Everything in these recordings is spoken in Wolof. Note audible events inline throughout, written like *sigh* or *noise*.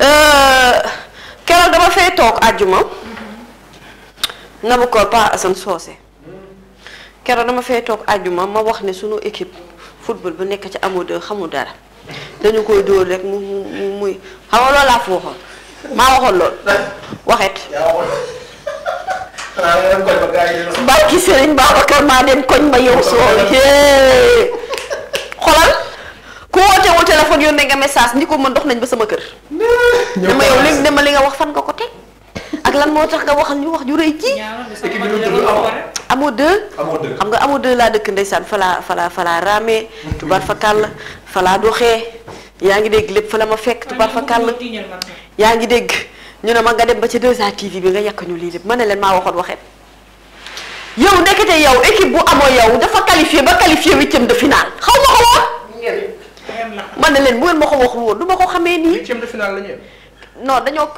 Euh, keroog dama fay toog àjjuma nabu koor Pa Assane Socé keroog dama fay toog àjjuma ma wax ne sunu équipe football bu nekk ci amoo de xamul dara dañu koy dóor rek mu mu muy xam loolu laa fi waxoon maa waxoon lool waxet barki Serigne Babacar maa dem koñ ma yow soo xolal wootewul téléphone yónnee nga message ni ko mën dox nañ ba sama kër. dama yow léegi dama li nga wax fan nga ko teg ak lan moo tax nga waxal ñu wax ju rëy ji. amoo deux xam nga amoo deux laa dëkk ndeysaan falaa falaa falaa raame tubaar fa kàll falaa doxee yaa ngi dégg lépp fa la ma fekk tubaar fa kàll yaa ngi dégg ñu ne ma nga dem ba ci 2A TV bi nga yàq ñu lii lépp ma ne leen maa waxoon waxet yow ndekete yow équipe bu amoo yow dafa qualifié ba qualifié de finale man na leen bu ngeen ma ko waxul woon du ma ko xamee nii. huitième dañoo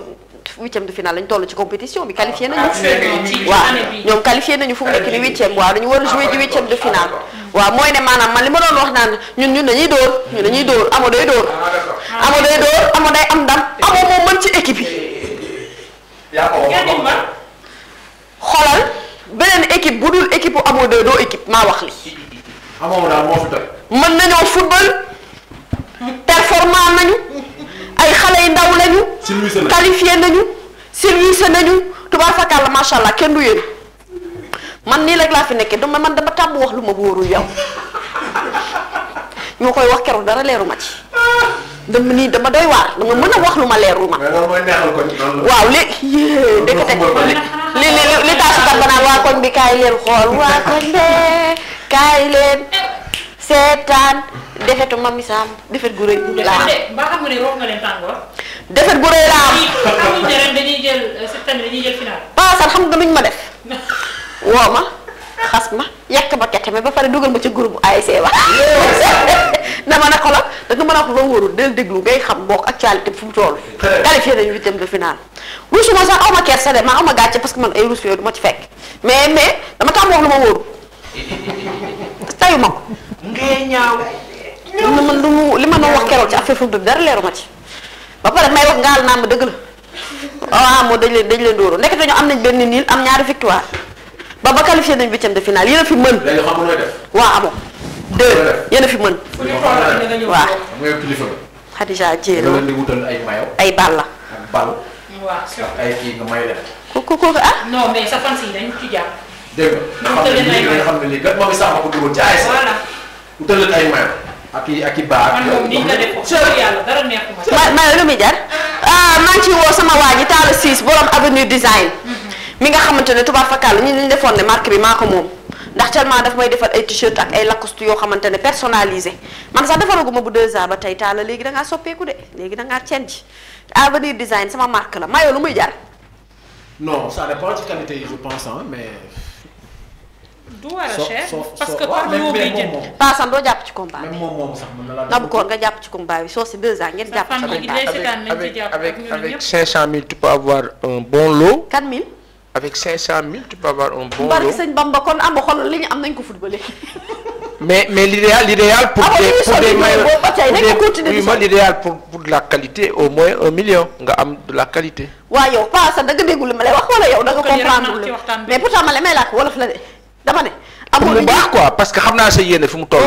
huitième de finale lañ toll ci compétition bi qualifié nañu. Ah, waaw ñoom qualifié nañu fu mu nekk ni huitième waaw dañu war a jouer ci huitième de finale. waaw mooy ne maanaam man li ma doon wax naan ñun ñun dañuy dóor ñun dañuy dóor amoo day dóor. Ah, amoo day dóor amoo day am ndam amoo moo mën ci équipe yi. xoolal beneen équipe bu dul équipe bu amoo day doo équipe maa wax li. mën nañoo football. performant nañu ay xale yu ndaw lañu. qualifié nañu service nañu tubaab fakàlla macha allah kenn du yéen man nii rek laa fi nekkee dama man dama tàmm wax lu ma wóorul yow ñoo koy wax keroog dara leeru ma ci dama nii dama doy waar dama mën a wax lu ma leeru ma. waaw li yee ndekete li li li taasukat ba naan waa koñ bi kaay leen xool waa koñ bee kaay leen seetaan. defetu mami Samb defet gu rëy. laa am ba xam nga gu rëy laa am. xamuñ ne ren dañuy jël euh, septembre dañuy jël final. xam nga nuñ ma def. *laughs* woo ma xas ma yàq ma kete ba pare dugal ma ca groupe ASC ba. *laughs* dama ne xoolal da nga mën a wax loo wóorul del déglu ngay xam bokk actualité bi fu mu toll. qualifié nañu huitième de finale. ruusuma sax aw ma kersa de maa aw ma gàcce parce que man ay ruus yooyu du ma ci fekk mais mais dama tàmm wax lu ma wóorul. *laughs* tayu ko. li ma mën lu mu li ma doon wax keroog ci affaire foofu dara leeru ma ci ba pare may wax ngaal naa ma dëgg la ah moo dañ leen dañ leen dóoru nekk dañoo am nañ benn niil am ñaari victoire ba ba qualifié nañ huitième de finale yéen a fi mën. léegi xam nga def. waaw amoo. a fi mën. waaw. mooy kilifa bi. Xadija Diélo nga ay mayo. ay ball. ak ball. waaw ay kii nga may leen. ku ku ku ah. non mais sa fans yi dañ ci jàpp. dégg nga xam ak i ak i baax. man moom nii nga def ko. yàlla dara lu muy jar. ah woo sama waa ji Talla Cissé avenue design. Mhm. mi nga xamante ne tubaab fakkaal ñu ñu defoon ne marque bi maa ko moom. ndax tellement daf may defar ay t-shirt ak ay lacoste yoo xamante ne personnalisé man sax defaraguma bu deux ans ba tey Talla léegi da ngaa soppeeku de léegi da ngaa change avenir design sama marque la mayoo lu muy jar. non ça dépend ci qualité yi je du war a cher parce que comme moo koy jàpp ci combat bi. moom moom sax mën na jàpp ci combat bi soo si deux ans ngeen jàpp ci combat avec avec avec 500000 tu peux avoir un bon lot. 4000. avec 500000 tu peux avoir un bon lot. Barke Sëñ Bamba kon xol li ñu am nañ ko footballé. mais mais l'idéal l'idéal pour des pour de la qualité au moins un million nga am de la qualité. waaw yow Pa Assane da nga déggu li ma wax wala yow da nga comprendre mais pourtant ma lay may laaj wolof la de. dama ne. amoo lu quoi parce que xam naa sa yéene fu mu toll.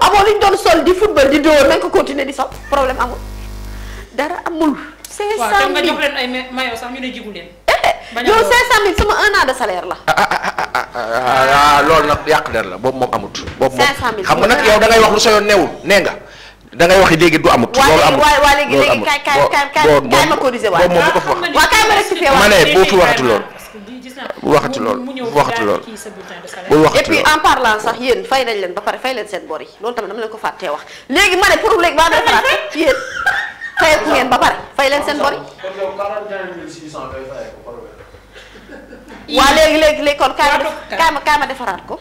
amoo li ñu doon sol di football di dóor nañ problème amul dara amul. 500000 waaw te nga nag yàq der la boobu moom amut. boobu moom xam nga nag yow da ngay wax lu sa yoon newul nee nga. da ngay wax léegi du amut. loolu amut loolu boo moom bu ko fa wax waaw kaay ma rectifier waaw ma ne boo fi waxatu loolu. waxati loolu waxati loolu bul waxati loolu et puis en parlant sax yéen fay nañ leen ba pare fay leen seen bor yi loolu tamit dama leen ko fàttee wax léegi ma ne pour léegi baa doon faraat yéen fayeeku ngeen ba pare fay leen seen bor yi. waa léegi léegi léegi kon kaay ma kaay ma kaay ma defaraat ko.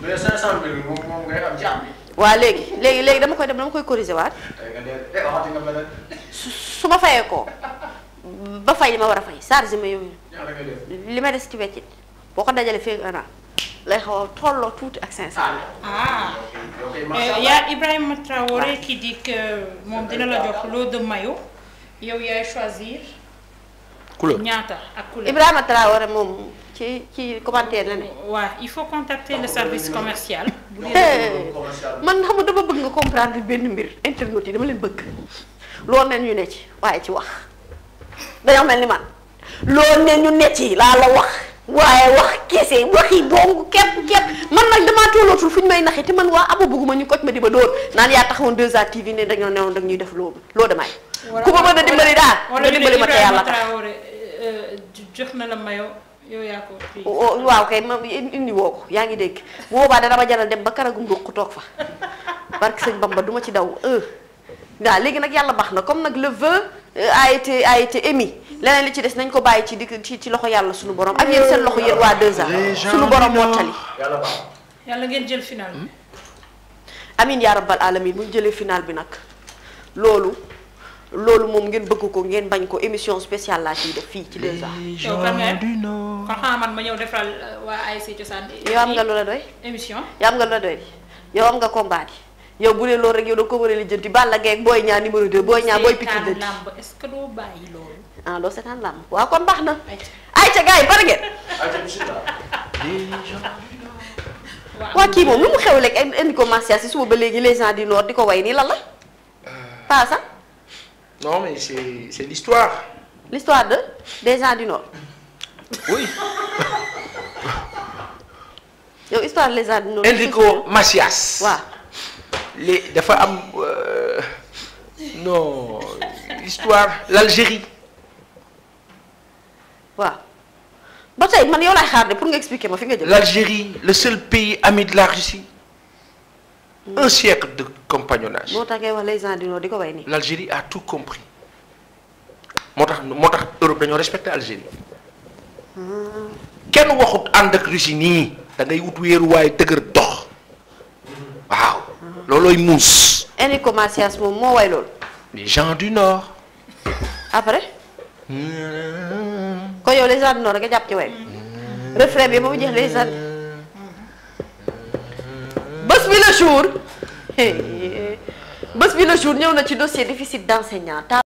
mais 500 mille moom moom ngay am ci am bi. waa léegi léegi léegi dama koy dem dama koy corriger waat eh, su ma fayee ko ba fay li ma war a fay charge ma yooyu li ma des ci weccit boo ko dajalee feeg un lay xaw a tolloo tuuti ak 500 mille. ah eh, a Ibrahima moom dina la jox lot yow yaay choisir. ñaata ak couleur. Ibrahima Traoré moom ci ci commentaire la ne. waaw il faut contacter le service commercial. *laughs* man xam dama bëgg nga comprendre benn mbir internautes yi dama leen bëgg. loolu nag ñu ne ci waaye ci wax dañoo mel ni man. lool ne ñu ne ci laa la wax waaye wax kese waxi dong képp képp man nag damaa tollootul fu ñu may naxee te man waa abo bëgguma ñu koj ma di ba dóor naan yaa taxawoon 2A TV ne dañoo newoon dag ñuy def loolu loo damay ku ma mën a dimbali daal nga dimbali ma te yàlla tax euh, jox la mayo yow yaa ko oh, oh, waaw kay ma indi ko yaa ngi dégg boobaa dama jaral dem ba karagum ruq toog fa *laughs* barke sëñ Bamba duma ci daw euh. waaw léegi nag yàlla baax na comme nag le vœu euh, a été a leneen li ci des nañ ko bàyyi ci di ci loxo yàlla suñu borom ak yéen seen loxo yéen waa 2A suñu borom moo tali. yàlla baax ngeen jël final bi. Hmm? amiin yaa rabbal alamin bu ñu jëlee final bi nag loolu loolu moom ngeen bëgg ko ngeen bañ ko émission spéciale laa ciy def fii ci 2A. yow kan nga kon xanaa man ma ñëw defal euh, waa ASC Cosaan. yow am nga lu la doy émission. yow am nga lu la doy yow am nga combat bi. yow bu dee loolu rek yow da ko war a lijjanti Balla Gaye ak Boy Niang numéro 2 Boy Niang Boy Pikine dëkk lamb est-ce ah, doo seetaan lamb waaw kon baax na ayca gars yi bari ngeen waa kii moom lu mu xew lekk indi ko si suba ba léegi les gens du nord di ko way nii lan la euh, pas non mais c'est l'histoire l'histoire de des gens du nord *laughs* Enrico Macias waaw li dafa am euh, non histoire l'Algérie. waaw ba tey man yow laay xaar de pour nga expliquer ma fi nga jël. l'Algérie le seul pays ami de la Russie. Hmm. un siècle de compagnonnage. moo tax ngay wax les andino di ko way nii. l'Algérie a tout compris moo tax moo tax Europe dañoo respecté Algérie. Hmm. kenn waxut ànd ak Russie nii dangay ngay wut wéeruwaay dëgër. loolooy muus. Enrico Macias moom moo way loolu. les gens du nord. après. ko yow les gens du nord nga jàpp ci way refrain bi ba mu jeex les gens. bés bi la jour. bés bi la jour ñëw na ci dossier déficit d'enseignants.